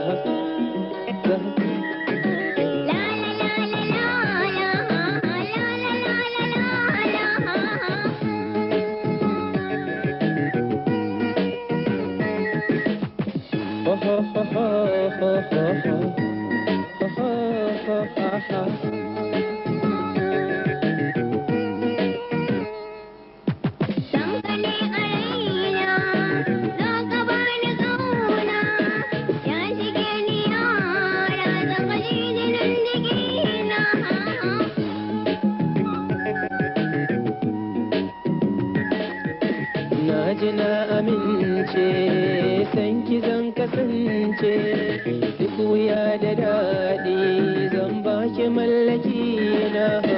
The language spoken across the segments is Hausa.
Ha ha ha ha ha ha ha ha ha ha ha kasance san ki zan kasance duk wuya da daɗi zan baki mallaki na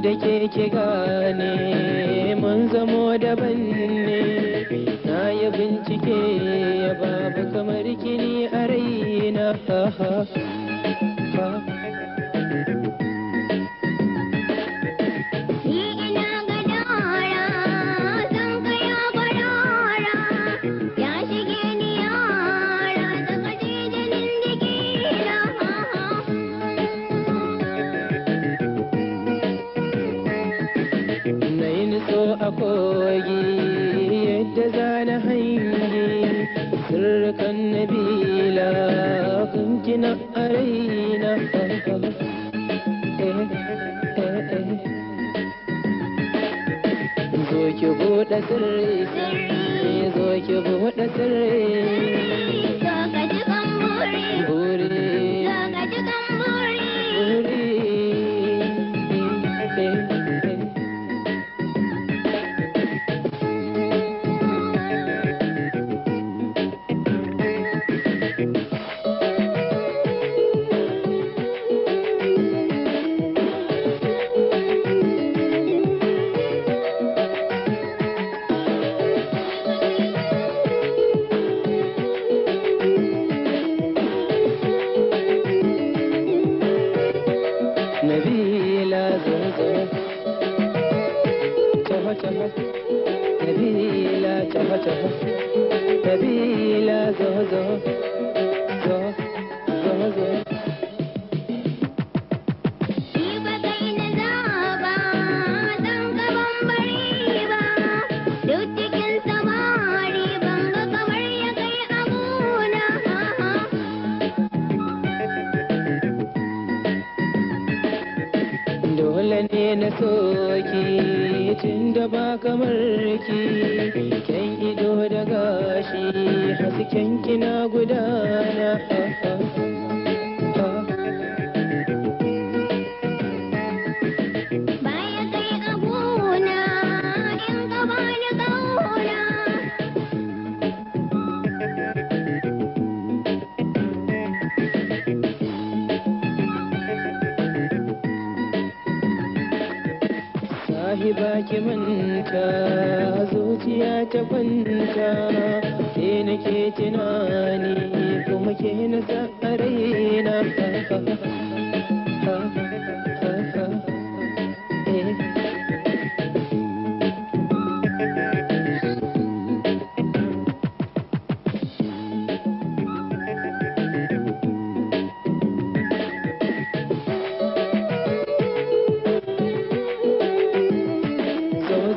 da ke ki gane mun zamo daban ne na ya bincike ya babu kamar kini a raina a kogi yadda zana hangi sirrukan nabila kunkina a raina eh, eh, eh, zo ki buɗe sirri zo ki buɗe sirri चह नदीला चह चह नदीला जोह जोह जोह ne na soki tun da ba kamar ki ken ido da gashi hasken kina guda ki baki manta zuciya ta kwanta ke nake tunani kuma ke na na.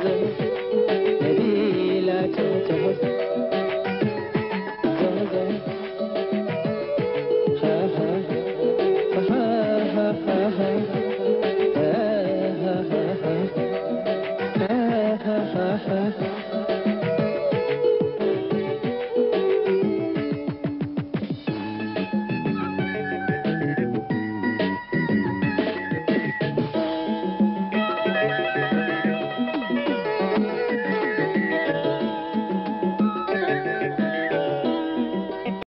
نبيلة تهف